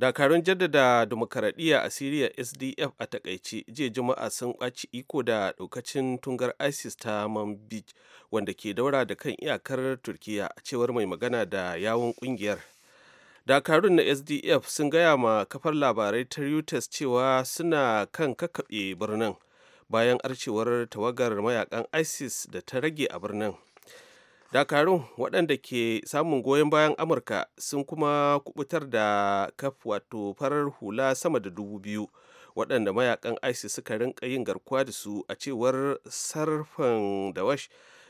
dakarun jaddada demokaradiyya a siriya sdf a takaice jiya juma'a sun ɓaci iko da ɗaukacin tungar isis ta manbij wanda ke daura da kan iyakar turkiya a cewar mai magana da yawun ƙungiyar. dakarun na sdf sun gaya ma kafar labarai ta reuters cewa suna kan kakaɓe birnin bayan arcewar tawagar mayakan isis da ta rage a birnin dakarun waɗanda ke samun goyon bayan amurka sun kuma kubutar da kaf wato farar hula sama da dubu biyu waɗanda mayakan isis suka rinka yin garkuwa da su a cewar sarfan dawash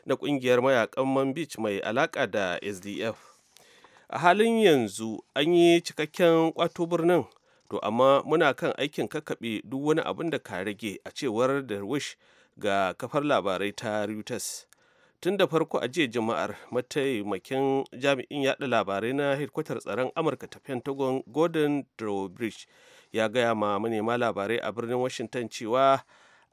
na ƙungiyar mayakan man beach mai alaƙa da sdf a halin yanzu an yi cikakken kwato birnin to amma muna kan aikin kakaɓe duk wani abin da ka rage a cewar darwish ga kafar labarai ta reuters tun da farko a jiya jama'ar mataimakin jami'in yaɗa labarai na hedkwatar tsaron amurka ta pentagon gordon drawbridge ya gaya ma manema labarai a birnin washington cewa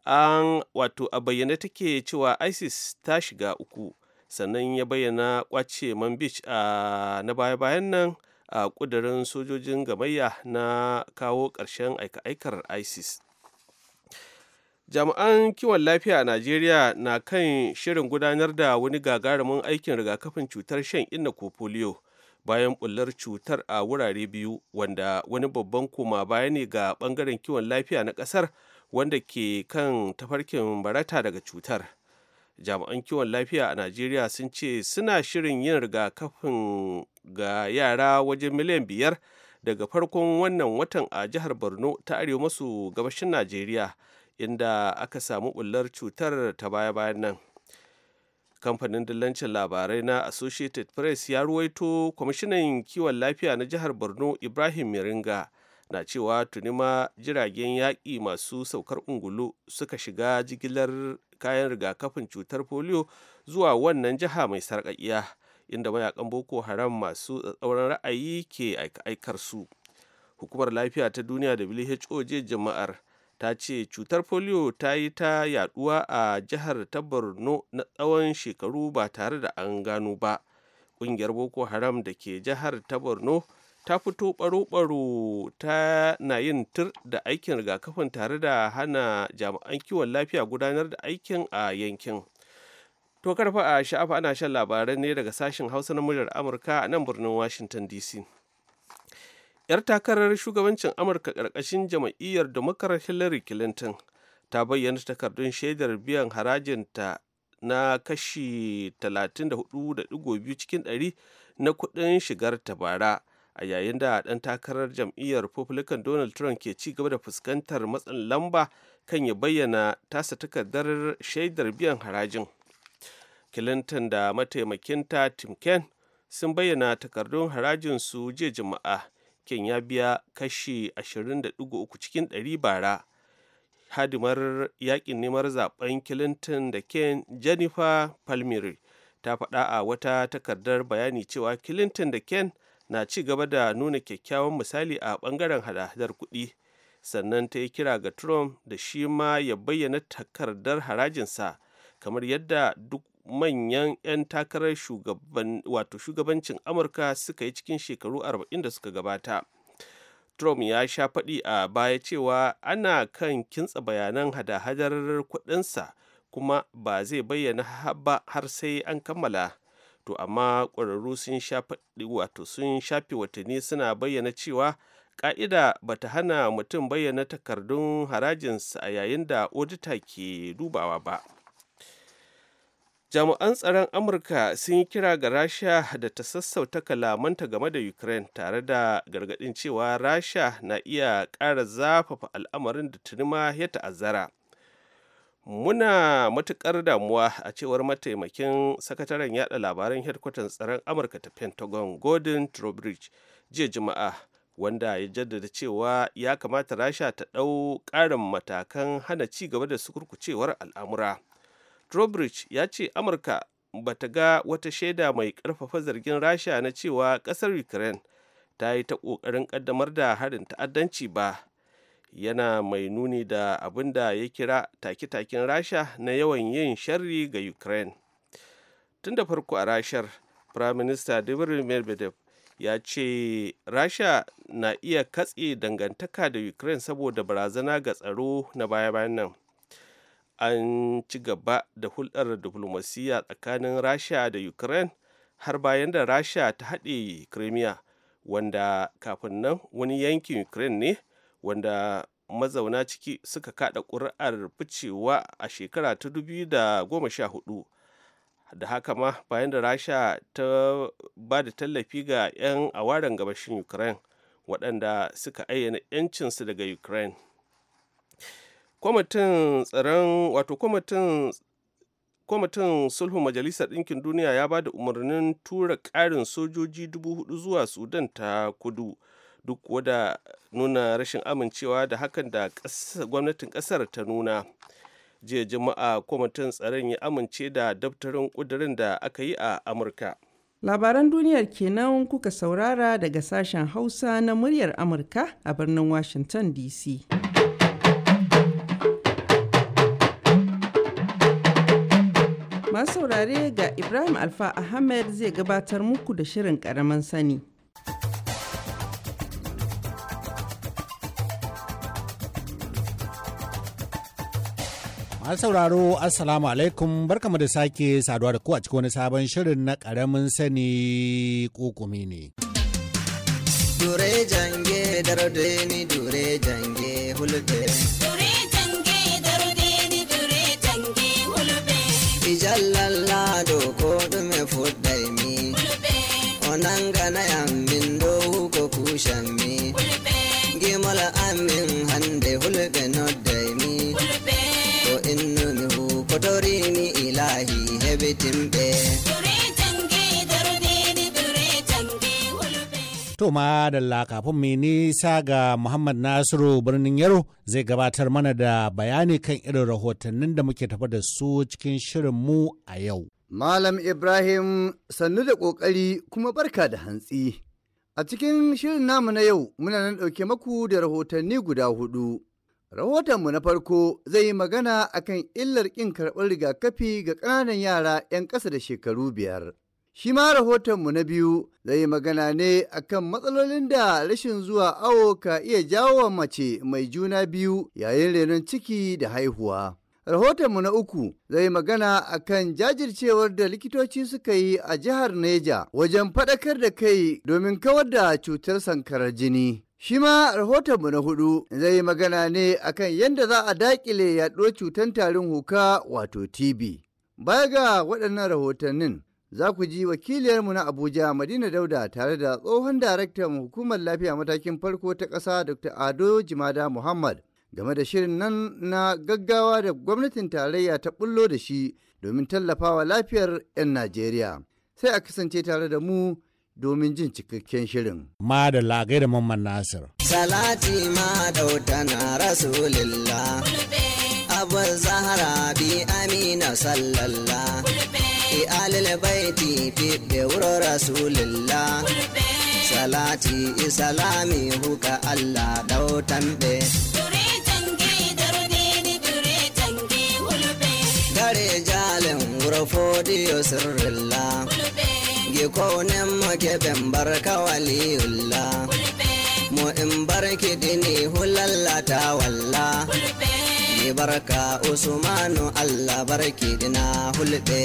an wato a bayyana take cewa isis ta shiga uku sannan ya bayyana kwace man beach a na baya-bayan nan a kudurin sojojin gamayya na kawo ƙarshen aika-aikar isis jami'an kiwon lafiya a najeriya na kan shirin gudanar da wani gagarumin aikin rigakafin cutar shan inna ko polio bayan bullar cutar a wurare biyu wanda wani babban koma baya ne ga bangaren kiwon lafiya na kasar wanda ke kan tafarkin barata daga cutar jami'an kiwon lafiya a najeriya sun ce suna shirin yin rigakafin ga yara wajen miliyan biyar daga farkon wannan watan a jihar borno ta arewa maso gabashin najeriya inda aka samu bullar cutar ta baya-bayan nan kamfanin dillancin labarai na associated press ya ruwaito kwamishinan kiwon lafiya na jihar borno ibrahim miringa na cewa tuni ma jiragen yaƙi masu saukar ungulu suka shiga jigilar kayan rigakafin cutar polio zuwa wannan jiha mai sarƙaƙiya inda mayakan boko haram masu tsatsauran ra'ayi ke aikarsu hukumar lafiya ta duniya who je jama'ar ta ce cutar polio ta yi ta yaduwa a jihar ta na tsawon shekaru ba tare da an gano ba ƙungiyar boko haram da ke jihar ta borno ta fito baro-baro ta na yin tur da aikin rigakafin tare da hana jami'an kiwon lafiya gudanar da aikin a yankin to karfa a sha'afa ana shan labarai ne daga sashen hausa na muryar amurka a nan birnin washington dc 'yar takarar shugabancin amurka ƙarƙashin jam'iyyar damokar hillary clinton ta bayyana takardun shaidar biyan harajinta na kashi 34.2 cikin 100 na kuɗin shigar ta bara a yayin da ɗan takarar jam'iyyar republican donald trump ke ci gaba da fuskantar matsin lamba kan ya bayyana tasa takardar shaidar biyan harajin clinton da mataimakinta tim ken sun bayyana takardun harajin su jiya juma'a yankin ya biya kashi 20.3 cikin ɗari bara hadimar yakin neman zaben clinton da ken jennifer palmieri ta faɗa a wata takardar bayani cewa clinton da ken na ci gaba da nuna kyakkyawan misali a ɓangaren hadahadar kuɗi sannan ta yi kira ga trump da shi ma ya bayyana takardar harajinsa kamar yadda duk manyan 'yan takarar shugabancin amurka suka yi cikin shekaru 40 da suka gabata trump ya sha faɗi a baya cewa ana kan kintsa bayanan hada-hadar kuɗinsa kuma ba zai bayyana ba har sai an kammala to amma ƙwararru sun wato sun shafe watanni suna bayyana cewa ƙa'ida ba ta hana mutum bayyana takardun harajinsa a yayin da odita ke dubawa ba jami'an tsaron amurka sun yi kira ga rasha da ta sassauta kalamanta game da ukraine tare da gargaɗin cewa rasha na iya ƙara zafafa al'amarin da tunima ya ta'azzara muna matuƙar damuwa a cewar mataimakin sakataren yada labaran hedkwatan tsaron amurka ta pentagon gordon trowbridge jiya juma'a wanda ya jaddada cewa ya kamata rasha ta ɗau ƙarin matakan hana ci gaba da sukurkucewar al'amura Trowbridge ya ce Amurka ba ta ga wata shaida mai ƙarfafa zargin Rasha na cewa ƙasar Ukraine ta yi ta ƙoƙarin ƙaddamar da harin ta'addanci ba. Yana mai nuni da abin da ya kira take-taken Rasha na yawan yin sharri ga Ukraine. Tun da farko a Rashar, Firaminista Dmitry Medvedev ya ce Rasha na iya katse dangantaka da Ukraine saboda barazana ga tsaro na baya-bayan nan. an ci gaba da hulɗar diflomasiyya tsakanin rasha da ukraine har bayan da rasha ta haɗe crimea wanda kafin nan wani yankin ukraine ne wanda mazauna ciki suka kaɗa ƙuri'ar ficewa a shekara ta 2014 da haka ma bayan da rasha ta ba da tallafi ga 'yan awaren gabashin ukraine waɗanda suka ayyana 'yancinsu daga ukraine kwamitin tsaron wato kwamitin kwamitin sulhu majalisar ɗinkin duniya ya ba da umarnin tura ƙarin sojoji dubu hudu zuwa sudan ta kudu duk wada nuna rashin amincewa da hakan da gwamnatin ƙasar ta nuna jiya jama'a kwamitin tsaron ya amince da daftarin ƙudurin da aka yi a amurka labaran duniyar kenan kuka saurara daga sashen hausa na muryar amurka a birnin washington dc Masu saurare ga Ibrahim Alfa Ahmed zai gabatar muku da shirin ƙaramin sani. Masu sauraro Assalamu alaikum barkamu da sake saduwa da ku a cikin wani sabon shirin na karamin sani kokumi ne. Dure jange dardeni dure jange hulɗe. Lalala, do ko ɗume fuɗɗay mi onan ganayam To da kafin mai nisa ga Muhammad Nasiru birnin Yaro zai gabatar mana da bayani kan irin rahotannin da muke tafa da su cikin shirin mu a yau. Malam Ibrahim sannu da ƙoƙari kuma barka da hantsi. A cikin shirin namu na yau muna nan ɗauke maku da rahotanni guda hudu. Rahotonmu na farko zai yi magana akan illar ƙin karɓar rigakafi ga ƙananan yara 'yan ƙasa da shekaru biyar. Shi ma rahotonmu na biyu zai magana ne akan matsalolin da rashin zuwa awo ka iya jawo wa mace mai juna biyu yayin renon ciki da haihuwa. Rahotonmu na uku zai magana akan jajircewar da likitoci suka yi a jihar Neja wajen faɗakar da kai domin kawar da cutar sankarar jini. Shi ma rahotonmu na hudu zai magana ne akan yadda za a daƙile yaɗuwar cutar tarin huka wato TB. Baya ga waɗannan rahotannin za ku ji wakiliyarmu na Abuja Madina Dauda tare da tsohon daraktan hukumar lafiya matakin farko ta ƙasa Dr. Ado Jimada Muhammad game da shirin nan na gaggawa da gwamnatin tarayya ta bullo da shi domin tallafawa lafiyar 'yan Najeriya. Sai a kasance tare da mu domin jin cikakken shirin. Ma da lagai da Mamman Nasir. Salati ma dauta na Rasulillah. Abu Zahra bi Amina sallallah. alil baiti fi wuro rasulillah salati isalami huka allah dau tambe gare jalin wurfo diyo sirrilla gikonin makeben barka waliyulla mu in barki dini hulallata walla barka usmanu allah barki dina hulɓe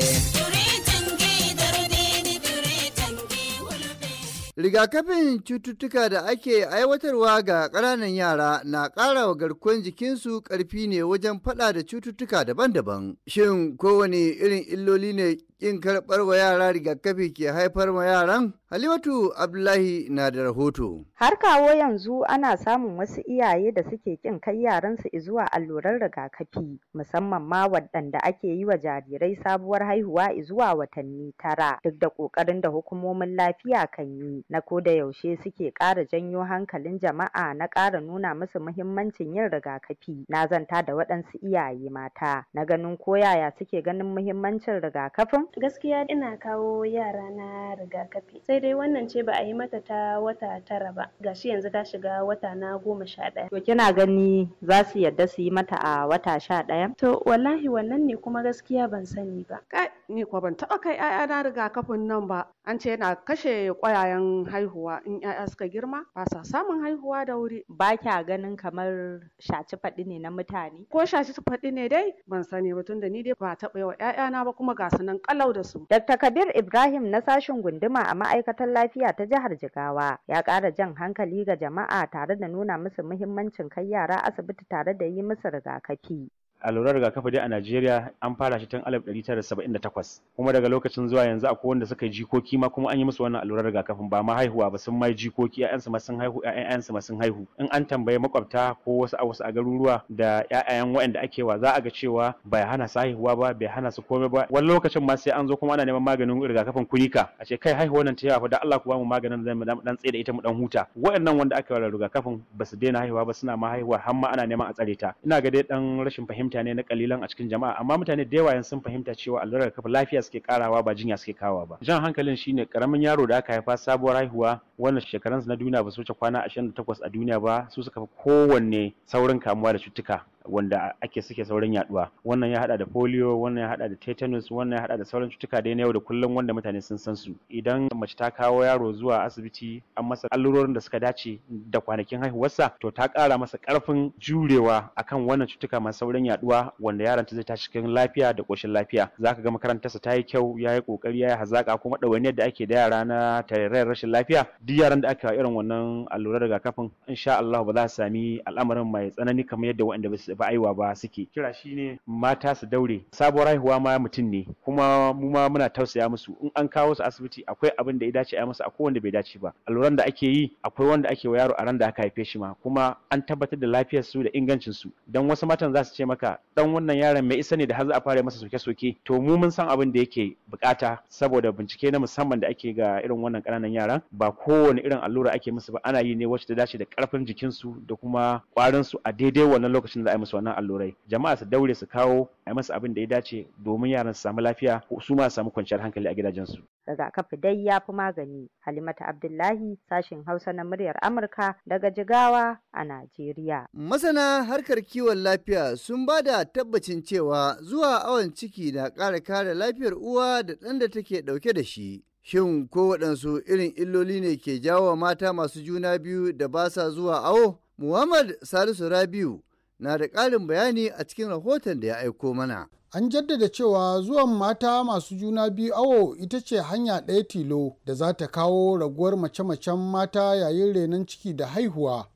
Rigakafin cututtuka da ake aiwatarwa ga ƙananan yara na ƙara wa garkuwar jikinsu ƙarfi ne wajen faɗa da cututtuka daban-daban. Shin kowane irin illoli ne ƙin karɓar wa yara rigakafi ke haifar wa yaran? Halimatu Abdullahi na da rahoto. Har kawo yanzu ana samun wasu iyaye da suke kin kai yaransu zuwa alluran rigakafi musamman ma waɗanda ake yi wa jarirai sabuwar haihuwa zuwa watanni tara duk da ƙoƙarin da hukumomin lafiya kan yi na ko da yaushe suke ƙara janyo hankalin jama'a na ƙara nuna musu muhimmancin yin rigakafi na zanta da waɗansu iyaye mata na ganin ko yaya suke ganin muhimmancin rigakafin. Gaskiya ina kawo yara na rigakafi dai wannan ce ba a yi mata ta wata tara ba gashi yanzu ta shiga wata na goma sha ɗaya. To kina gani za su yarda su yi mata a wata sha ɗaya? To wallahi wannan ne kuma gaskiya ban sani ba. Kai ni kuwa ban taɓa kai ‘ya'ya na rigakafin nan ba an ce yana kashe ƙwayayen haihuwa in ‘ya'ya suka girma ba sa samun haihuwa da wuri. Ba kya ganin kamar shaci faɗi ne na mutane? Ko shaci faɗi ne dai ban sani ba tunda ni dai ba taɓa yawa na ba kuma ga su nan ƙalau da su. Dr. Kabir Ibrahim na sashen gunduma a ma'aikatar ma'aikatan lafiya ta jihar Jigawa ya ƙara jan hankali ga jama'a tare da nuna musu muhimmancin kai yara asibiti tare da yi musu rigakafi. allurar rigakafi dai a Najeriya an fara shi tun 1978 kuma daga lokacin zuwa yanzu akwai wanda suka yi jikoki ma kuma an yi musu wannan allurar rigakafin ba ma haihuwa ba sun mai jikoki ƴaƴansu ma sun haihu ƴaƴansu ma sun haihu in an tambaye makwabta ko wasu a wasu a garuruwa da ƴaƴayen waɗanda ake wa za a ga cewa bai hana su haihuwa ba bai hana su komai ba wani lokacin ma sai an zo kuma ana neman maganin rigakafin kurika a ce kai haihuwa nan ta yawa da Allah ku ba mu maganin da mu dan tsaye da ita mu dan huta waɗannan wanda aka yi rigakafin ba su daina haihuwa ba suna ma haihuwa har ma ana neman a tsare ta ina ga dai dan rashin fahimta mutane na kalilan a cikin jama'a amma mutane da yawa sun fahimta cewa allurar kafa lafiya suke karawa ba jinya suke kawa ba jan hankalin shine karamin yaro da aka haifa sabuwar haihuwa wannan shekaransu na duniya ba su wuce kwana 28 a duniya ba su suka fi kowanne saurin kamuwa da cutuka wanda ake suke sauran yaduwa wannan ya hada da polio wannan ya hada da tetanus wannan ya hada da sauran cutuka da yau da kullum wanda mutane sun san su idan mace ta kawo yaro zuwa asibiti an masa allurorin da suka dace da kwanakin haihuwarsa to ta kara masa karfin jurewa akan wannan cutuka masu sauran yaduwa wanda yaron ta zai tashi cikin lafiya da koshin lafiya zaka ga makarantarsa ta yi kyau ya yi kokari ya yi hazaka kuma ɗawainiyar da ake da yara na tarayyar rashin lafiya duk yaran da aka irin wannan allurar rigakafin insha Allah ba za su sami al'amarin mai tsanani kamar yadda waɗanda ba su ba aiwa ba suke kira shi ne mata su daure sabuwar haihuwa ma mutum ne kuma mu ma muna tausaya musu in an kawo su asibiti akwai abin da ya dace a musu akwai wanda bai dace ba alluran da ake yi akwai wanda ake wa yaro a ran da aka haife shi ma kuma an tabbatar da lafiyar su da ingancin su dan wasu matan za su ce maka dan wannan yaron mai isa ne da har za a fara masa soke-soke to mu mun san abin da yake bukata saboda bincike na musamman da ake ga irin wannan kananan yaran ba kowane irin allura ake musu ba ana yi ne wacce ta dace da karfin jikinsu da kuma kwarin su a daidai wannan lokacin da musu wannan allurai jama'a su daure su kawo a masu abin da ya dace domin yaran su samu lafiya ko su ma samu kwanciyar hankali a gidajensu rigakafi dai ya fi magani halimata abdullahi sashen hausa na muryar amurka daga jigawa a najeriya masana harkar kiwon lafiya sun ba da tabbacin cewa zuwa awon ciki na ƙara kare lafiyar uwa da ɗan da take ɗauke da shi Shin ko waɗansu irin illoli ne ke jawo mata masu juna biyu da ba sa zuwa awo? Muhammad Salisu Rabiu na da ƙarin bayani a cikin rahoton da ya aiko mana. An jaddada cewa zuwan mata masu juna biyu awo ita ce hanya ɗaya tilo da za ta kawo raguwar mace-macen mata yayin renon ciki da haihuwa.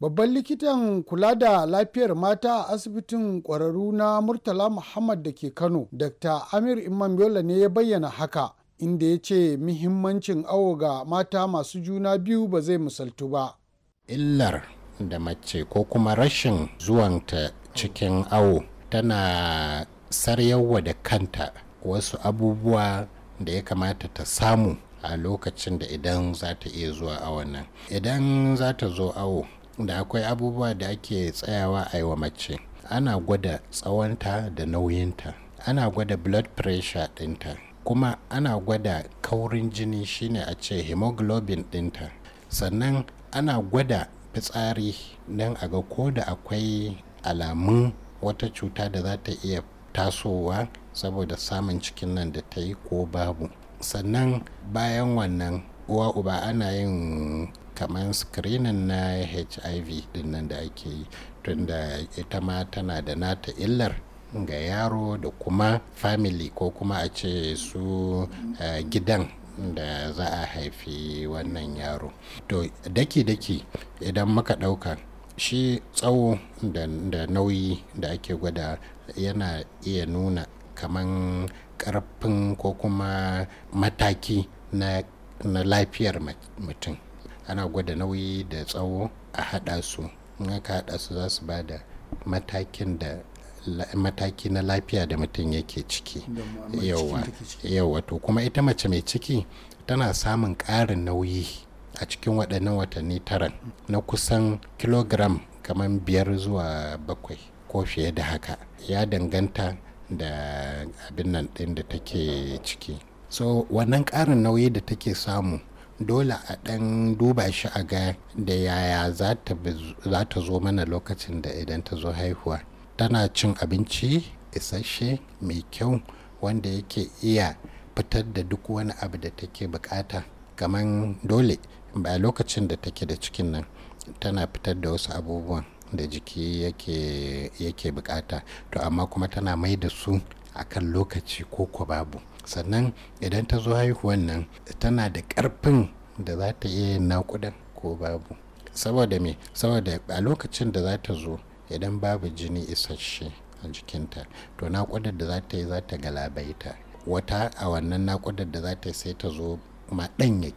Babban likitan kula da lafiyar mata a asibitin ƙwararru na Murtala Muhammad da ke Kano, Dr. Amir Imam Yola ne ya bayyana haka, inda ya ce muhimmancin awo ga mata masu juna biyu ba zai misaltu ba. Illar da mace ko kuma rashin zuwanta cikin awo tana saryawa da kanta wasu abubuwa da ya kamata ta samu a lokacin da idan za ta iya zuwa awon nan idan za ta zo awo da akwai abubuwa da ake tsayawa a yi wa mace ana gwada tsawonta da nauyinta ana gwada blood pressure ɗinta kuma ana gwada kaurin jini shine a ce hemoglobin ɗinta sannan ana gwada fitsari don a ga ko da akwai alamun wata cuta da za ta iya tasowa saboda samun cikin nan da ta yi ko babu sannan bayan wannan uwa uba ana yin kamar screening na hiv nan da ake yi tunda ita ma tana da nata illar ga yaro da kuma family ko kuma a ce su uh, gidan da za a haifi wannan yaro to daki-daki idan muka ɗauka shi tsawo da nauyi da ake gwada yana iya nuna kaman karfin ko kuma mataki na, lafiyar mutum ana gwada nauyi da tsawo a haɗa su in aka haɗa su za su ba da matakin da mataki na lafiya da mutum yake ciki yauwa to kuma ita mace mai ciki tana samun ƙarin nauyi a cikin waɗannan watanni taran na kusan kilogram kamar biyar zuwa bakwai ko fiye da haka ya danganta da abin nan ɗin da take ciki so wannan ƙarin nauyi da take samu dole a ɗan duba shi a ga da yaya za ta zo mana lokacin da idan ta zo haihuwa tana cin abinci isasshe mai kyau wanda yake iya fitar da duk wani abu da take bukata kamar dole ba lokacin da take da cikin nan tana fitar da wasu abubuwan da jiki yake, yake bukata to amma kuma tana mai da su akan lokaci ko ko babu sannan idan ta zo haihuwan nan tana da karfin da za ta iya yin naƙudan ko babu saboda me saboda a lokacin da za ta zo idan babu jini isasshe a jikinta to naƙudar da za ta yi za ta galabaita wata a wannan naƙudar da za ta yi sai ta zo ma ɗan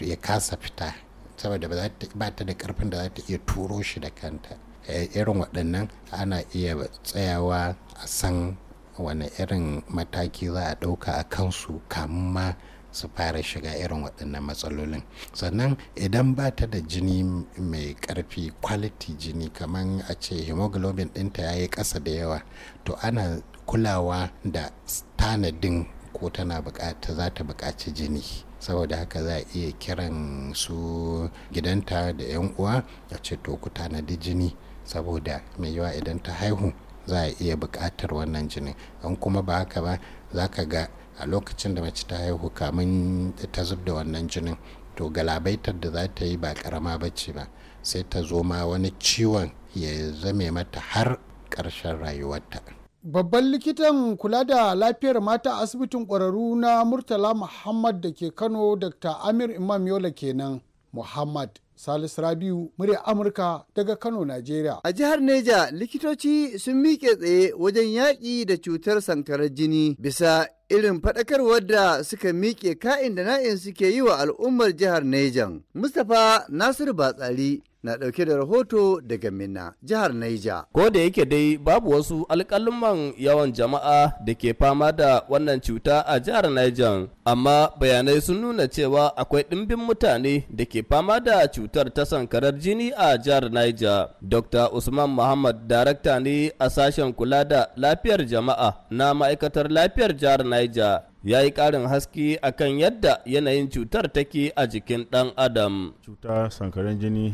ya kasa fita saboda ba ta da ƙarfin da za ta iya turo shi da kanta eh, irin waɗannan ana iya tsayawa a san wani irin mataki za a ɗauka a kansu kamun ma su fara shiga irin waɗannan matsalolin sannan idan ba ta da jini mai ƙarfi quality jini kamar a ce hemoglobin ɗinta ya yi ƙasa da yawa to ana kulawa da tanadin ko tana bukata za ta buƙaci jini saboda haka za a iya kiran su gidanta da 'yan uwa a ce to ku tanadi jini saboda mai yawa idan ta haihu za a iya buƙatar wannan jini an kuma ba haka ba za ka ga a lokacin da mace ta haihu kamun ta zub da wannan jinin to galabaitar da za ta yi ba karama ba ce ba sai ta zo ma wani ciwon ya zame mata har karshen rayuwarta babban likitan kula da lafiyar mata asibitin ƙwararru na murtala muhammad da ke kano dr amir imam yola kenan muhammad Salis Rabiu murya Amurka daga Kano, Najeriya. A jihar Neja likitoci sun miƙe tsaye wajen yaƙi da cutar sankarar jini bisa irin faɗakarwar da suka miƙe ka'in da na'in suke yi wa al'ummar jihar Nejan. Mustapha Nasiru Batsari na ɗauke da rahoto daga Minna, jihar Naija. Ko da yake dai babu wasu alƙaluman yawan jama'a da ke fama da wannan cuta a jihar naija amma bayanai sun nuna cewa akwai ɗimbin mutane da ke fama da cutar ta sankarar jini a jihar naija Dr. Usman Muhammad darakta ne a sashen kula da lafiyar jama'a na ma'aikatar lafiyar jihar naija ya yi ƙarin haske akan yadda yanayin cutar take a jikin ɗan adam cuta sankaran jini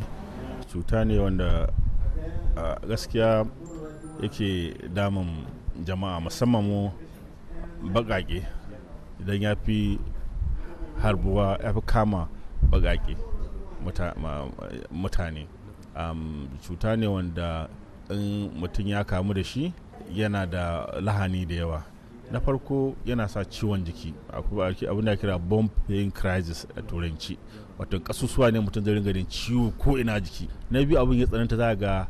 cuta ne wanda gaskiya yake damun jama'a musamman mu baƙaƙe idan ya fi harbuwa ya fi kama bagage mutane cuta ne wanda in mutum ya kamu da shi yana da lahani da yawa na farko yana sa ciwon jiki abin da kira bomb pain crisis a turanci wato kasusuwa ne mutum zai ganin ciwo ko ina jiki na biyu abin ya tsananta za ga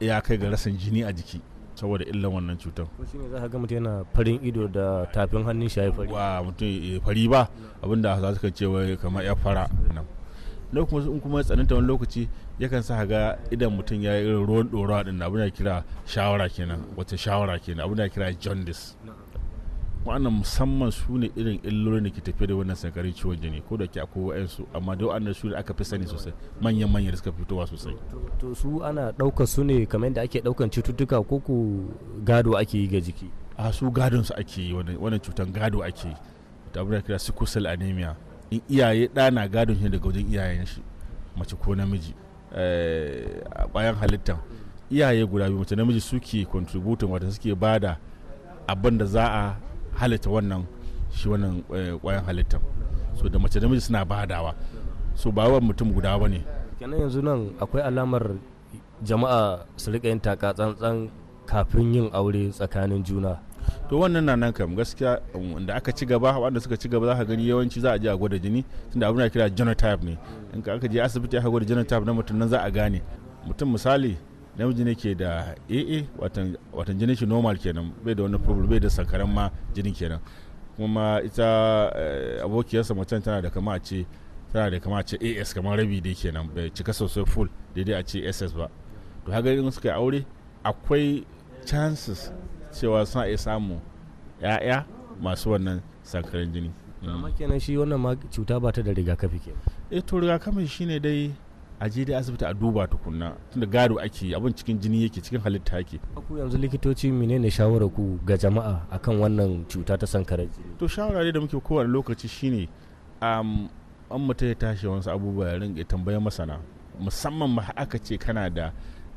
ya kai ga rasan jini a jiki saboda illan wannan cutar ko shine za ka ga mutum yana farin ido da tafin hannun shi ya fari wa mutum ya fari ba abin da za su kan cewa kamar ya fara nan na kuma in kuma tsananta wani lokaci yakan sa ga idan mutum ya yi irin ruwan dorawa din abin da kira shawara kenan wata shawara kenan abin da kira jaundice wannan musamman su ne irin illolin da ke tafiya da wannan sankarin ciwon jini ko da ke akwai wa'ansu amma da wa'annan su ne aka fi sani sosai manyan manyan da suka fitowa sosai to su ana ɗaukar su ne kamar yadda ake ɗaukan cututtuka ko ku gado ake yi ga jiki a su gadon su ake yi wannan cutan gado ake yi ta abin kira sickle cell anemia in iyaye ɗa na gadon shi daga wajen iyayen shi mace ko namiji eh, a bayan halittan iyaye guda biyu mace namiji suke contributing wata suke bada abin da za a halitta wannan shi wannan kwayan eh, halittar so da mace da miji suna badawa so ba wa mutum guda ba ne kenan yanzu nan akwai alamar jama'a su rika yin taka tsantsan kafin yin aure tsakanin juna to wannan na nan kam gaskiya um, da aka ci gaba wanda suka ci gaba za ka gani yawanci za a je a gwada jini tunda abin da kira genotype ne in ka aka je asibiti aka gwada genotype na mutum nan za a gane mutum misali namiji ne ke da aa watan jinin shi normal kenan bai da wani problem bai da sankaran ma jinin kenan kuma ita eh, abokiyarsa macen tana da kama ce tana da kama ce as kamar rabi dai kenan bai cika sosai full daidai a ce ss ba to haka in suka aure akwai chances cewa suna iya samu ya'ya masu wannan sankaran jini amma kenan shi wannan cuta ba ta da rigakafi kenan eh to rigakafi shine dai a je dai asibiti a duba tukunna tunda gado ake abin cikin jini yake cikin halitta yake ku yanzu likitoci menene shawarar ku ga jama'a akan wannan cuta ta sankarar to shawara da muke kowane lokaci shine um, an mutum ya tashi wasu abubuwa ya ringa tambayar masana musamman ma aka ce kana da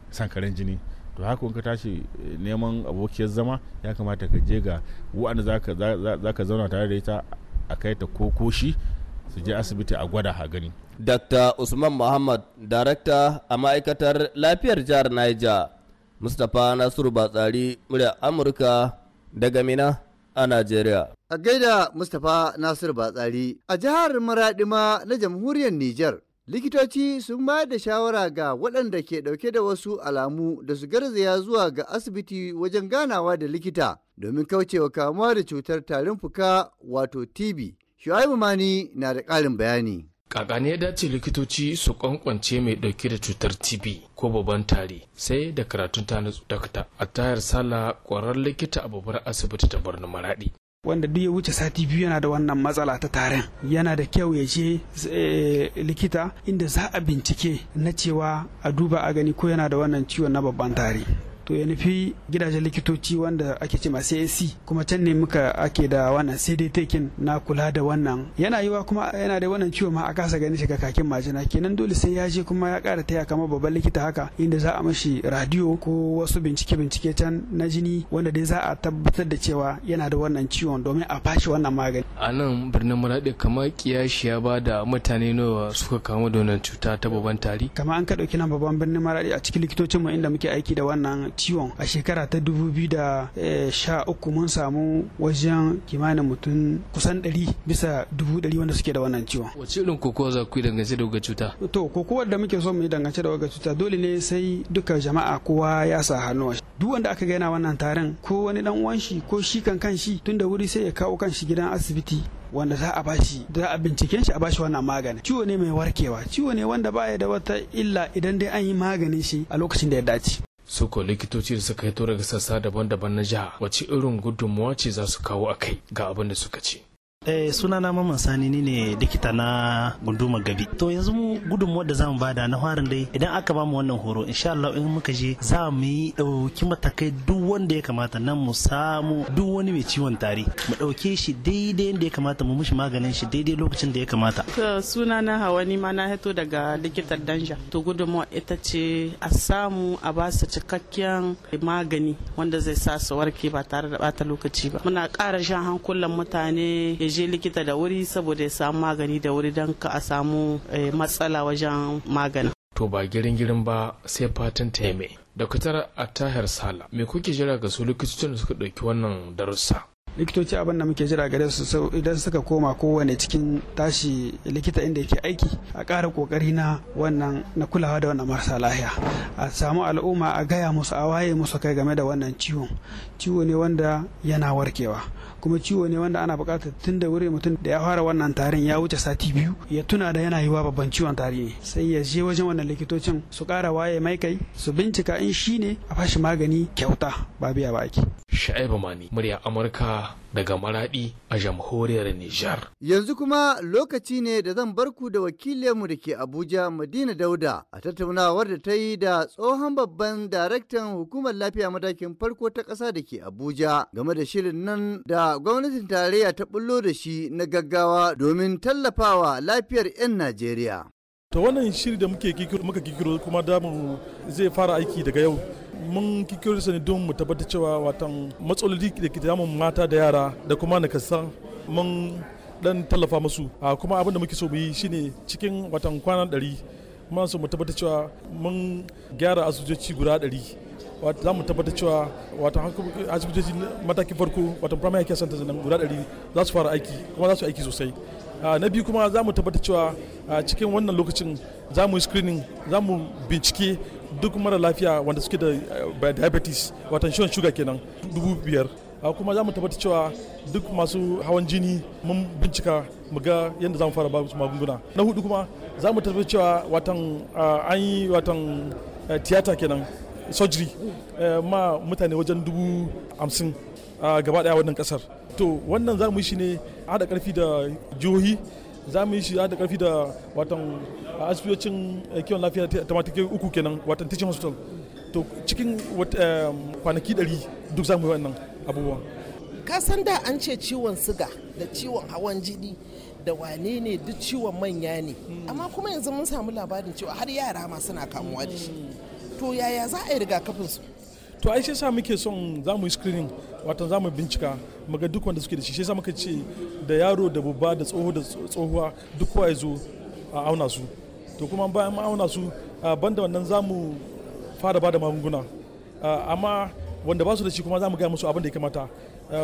sankarar jini to haka ka tashi eh, neman abokiyar zama ya kamata ka je ga wa'anda za ka zauna tare da ita a kai ta ko koshi su je asibiti a gwada ha gani. Dr. Usman Muhammad, Darakta a ma'aikatar lafiyar jihar Niger, Mustapha Nasiru Batsari, murya Amurka daga Mina a Najeriya. A gaida Mustapha Nasiru Batsari, a jihar Maradima na jamhuriyar Niger, likitoci sun bayar da shawara ga waɗanda ke ɗauke da wasu alamu da su garzaya zuwa ga asibiti wajen ganawa da likita domin kaucewa kamuwa da cutar tarin fuka wato TB. Shu'aibu Mani na da ƙarin bayani. Kakane ya dace likitoci su kwankwance mai ɗauke da cutar TB ko babban tari sai da karatun ta nutsu dakta a tayar sala kwarar likita a babbar asibiti ta Borno Maradi. wanda duk ya wuce sati biyu yana da wannan matsala ta tarin yana da kyau ya je eh, likita inda za a bincike na cewa a duba a gani ko yana da wannan ciwon na babban tari to ya nufi gidajen likitoci wanda ake ce masu AC kuma can ne muka ake da wannan cd dai na kula da wannan yana yiwa kuma yana da wannan ciwo ma a kasa ganin shiga kakin majina kenan dole sai ya je kuma ya kara taya kama babban likita haka inda za a mashi radiyo ko wasu bincike bincike can na jini wanda dai za a tabbatar da cewa yana da wannan ciwon domin a bashi wannan magani a nan birnin muradi kamar kiyashi ya ba da mutane nawa suka kamu da wannan cuta ta babban tari kamar an ka dauki nan babban birnin muradi a cikin mu inda muke aiki da wannan ciwon a shekara ta 2013 eh, mun samu wajen kimanin mutum kusan 100 bisa 100 wanda suke da wannan ciwon wace irin kokowa za ku yi dangance da cuta to kokowar da muke so mu yi dangance da waga cuta dole ne sai duka jama'a kowa ya sa hannu duk wanda aka gaina wannan taron ko wani dan uwan shi ko shi kan kan shi tun da wuri sai ya kawo kan shi gidan asibiti wanda za a bashi za a bincike shi a bashi wannan magani ciwo ne mai warkewa ciwo ne wanda baya da wata illa idan dai an yi maganin shi a lokacin da ya dace suko likitoci da suka hito daga sassa daban-daban na jiha wace irin gudunmuwa ce za su kawo a kai ga abin da suka ce Eh, na Maman Sani ni ne likita na gunduma gabi. To yanzu mu wadda za mu bada na farin dai idan aka bamu wannan horo insha Allah in muka je za mu yi dauki matakai duk wanda ya kamata nan mu samu duk wani mai ciwon tari mu dauke shi daidai yadda ya kamata mu mishi maganin shi daidai lokacin da ya kamata. To sunana Hawa ni ma na hito daga likitar Danja. To gudunmuwar ita ce a samu a ba su cikakken magani wanda zai sa su warke ba tare da bata lokaci ba. Muna kara shan hankulan mutane je likita da wuri saboda ya samu magani da wuri don ka a samu eh, matsala wajen maganin to ba girin-girin ba sai fatan ta mai a tahar Sala, me kuke jira ga su likitocin da suka ɗauki wannan darussa? likitoci abin da muke jira gare su idan suka koma kowane cikin tashi likita inda yake aiki a ƙara ƙoƙari na wannan na kulawa da wannan marasa lahiya a samu al'umma a gaya musu a waye musu kai game da wannan ciwon ciwo ne wanda yana warkewa kuma ciwo ne wanda ana buƙatar tun da wuri mutum da ya fara wannan tarin ya wuce sati biyu ya tuna da yana yiwa babban ciwon tari ne sai ya je wajen wannan likitocin su kara waye mai kai su bincika in shi ne a fashi magani kyauta ba biya ba ake. Sha'ibu Mani, murya Amurka daga maradi a jamhuriyar Nijar. Yanzu kuma lokaci ne da zan barku da wakilinmu da ke Abuja Madina Dauda a tattaunawar da ta yi da tsohon babban daraktan hukumar lafiya matakin farko ta ƙasa da ke Abuja game da shirin nan da gwamnatin tarayya ta bullo da shi na gaggawa domin tallafawa lafiyar 'yan Najeriya. ta wannan shiri da muke muka kikiro kuma damu zai fara aiki daga yau mun kikiro sa ne don mu tabbatar cewa watan matsaloli da ke damun mata da yara da kuma kasan mun dan tallafa musu kuma abin da muke so mu yi shine cikin watan kwana ɗari kuma so mu tabbatar cewa mun gyara asibitoci guda ɗari za mu tabbatar cewa watan asibitoci matakin farko watan primary care center guda ɗari za su fara aiki kuma za su aiki sosai Ah, na biyu kuma za mu tabbata cewa ah, cikin wannan lokacin za mu screening za mu bincike duk mara lafiya wanda suke da ah, diabetes wata shan shuga kenan dubu biyar kuma za mu tabbata cewa duk masu hawan jini mun bincika mu ga yadda za mu fara ba su magunguna na hudu kuma za mu tabbata cewa watan an yi watan eh, tiyata kenan surgery eh, ma mutane wajen dubu hamsin gaba daya wannan kasar to wannan za mu yi shi ne haɗa karfi da jihohi za mu yi shi da karfi da watan asibitocin eh, kiwon lafiya ta ke uku kenan watan teaching hospital to cikin kwanaki ɗari duk za mu yi wannan abubuwan ka san da an ce ciwon siga da ciwon hawan jini da wane ne duk ciwon manya ne hmm. amma kuma yanzu mun samu labarin cewa har yara ma suna kamuwa da shi to yaya za a yi rigakafin su to ai shi sa muke son za mu yi screening watan za mu bincika muga duk wanda suke da shi shi sa muka ce da yaro da babba da tsoho da tsohuwa duk kowa ya zo a auna su to kuma bayan auna su banda wannan za mu fara ba da magunguna amma wanda ba su da shi kuma za mu gaya musu abin da ya kamata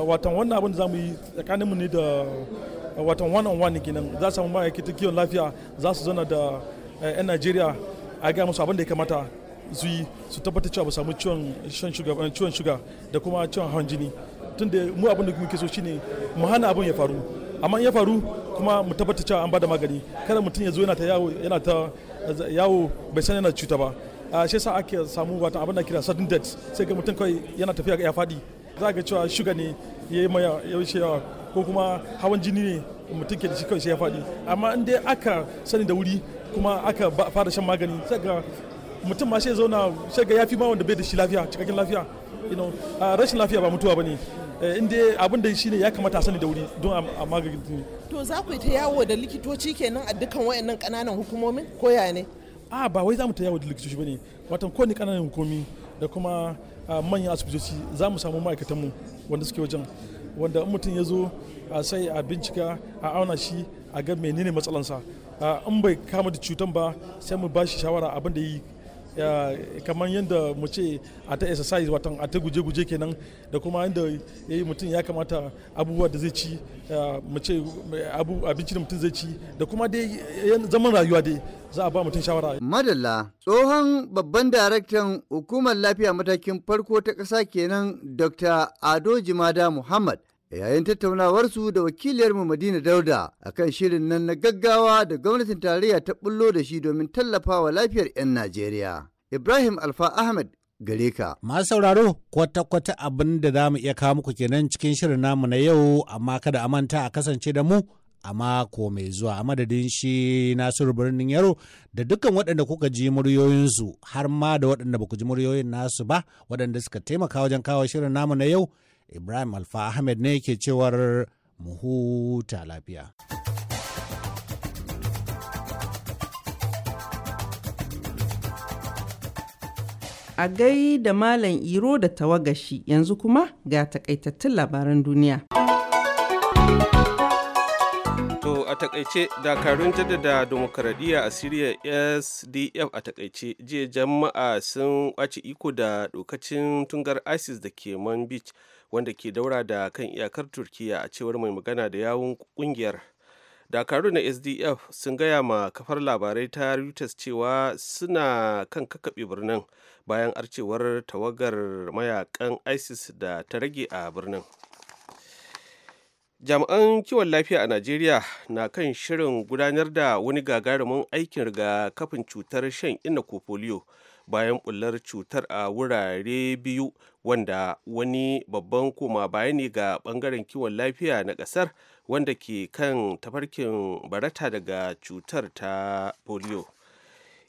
watan wannan abin da za mu yi tsakaninmu ne da watan one on one kenan za su samu ma'aikatan kiwon lafiya za su zana da 'yan najeriya a gaya musu abin da ya kamata su yi su tabbatar cewa ba samu ciwon ciwon shuga da kuma ciwon hawan jini tunda mu abin da muke so shine mu hana abin ya faru amma in ya faru kuma mu tabbatar cewa an bada magani kada mutum ya zo yana ta yawo bai san yana cuta ba a shi yasa ake samu wata abin da kira sudden death sai ga mutum kai yana tafiya ya fadi za ga cewa shuga ne ya yi maya yawa ko kuma hawan jini ne mutum ke da shi kawai sai ya fadi amma in dai aka sani da wuri kuma aka fara shan magani sai ga mutum ma sai zauna sai ga yafi ma wanda bai da shi lafiya cikakken lafiya you know rashin lafiya ba mutuwa bane eh, dai abin da shine ya kamata a sani da wuri don a magani to za ku yi ta yawo da likitoci kenan a dukkan wayannan kananan hukumomin ko ya ne a ba wai za mu ta yawo da likitoci bane watan ko ni kananan hukumi da kuma manyan asibitoci za mu samu ma'aikatanmu wanda suke wajen wanda in mutum ya zo sai a bincika a auna shi a ga menene matsalansa in bai kama da cutan ba sai mu ba shi shawara abin da yi kamar yadda mu ce a ta exercise watan a ta guje-guje kenan da kuma yadda ya yi mutum ya kamata abubuwa da zai ci mu ce abinci da mutum zai ci da kuma dai zaman rayuwa dai za a ba mutum shawara. Madalla tsohon babban daraktan hukumar lafiya matakin farko ta ƙasa kenan Dr. Ado Jimada Muhammad yayin tattaunawarsu da wakiliyarmu Madina Dauda a kan shirin nan na gaggawa da gwamnatin tarayya ta bullo da shi domin tallafa wa lafiyar 'yan Najeriya. Ibrahim Alfa Ahmed gare ka. Masu sauraro kwata-kwata abin da za mu iya kawo muku kenan cikin shirin namu na yau amma kada a manta a kasance da mu a mako mai zuwa a madadin shi nasiru birnin yaro da dukkan waɗanda kuka ji muryoyinsu har ma da waɗanda ba ku ji muryoyin nasu ba waɗanda suka taimaka wajen kawo shirin namu na yau Ibrahim Alfa Ahmed ne ke cewar mu huta lafiya. A gai da Malam Iro da tawagashi yanzu kuma ga takaitattun labaran duniya. To a takaice dakarun jaddada demokaradiyya a Siriya SDF a takaice jiya jama'a sun kwace iko da dokacin tungar ISIS da ke Man Beach. wanda ke daura da kan iyakar turkiya a cewar mai magana da yawun kungiyar dakaru na sdf sun gaya ma kafar labarai ta reuters cewa suna kan kakaɓe birnin bayan arcewar tawagar mayakan isis da ta rage a birnin jami'an kiwon lafiya a najeriya na kan shirin gudanar da wani gagarumin aikin rigakafin cutar shan ina ko polio bayan bullar cutar a wurare biyu wanda wani babban koma baya ne ga bangaren kiwon lafiya na kasar wanda ke kan tafarkin barata daga cutar ta polio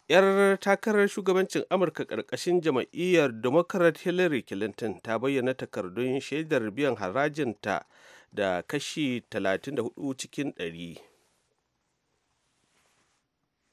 yar takarar shugabancin amurka karkashin jam'iyyar democrat hillary clinton ta bayyana takardun shaidar biyan harajinta da kashi 34 cikin 100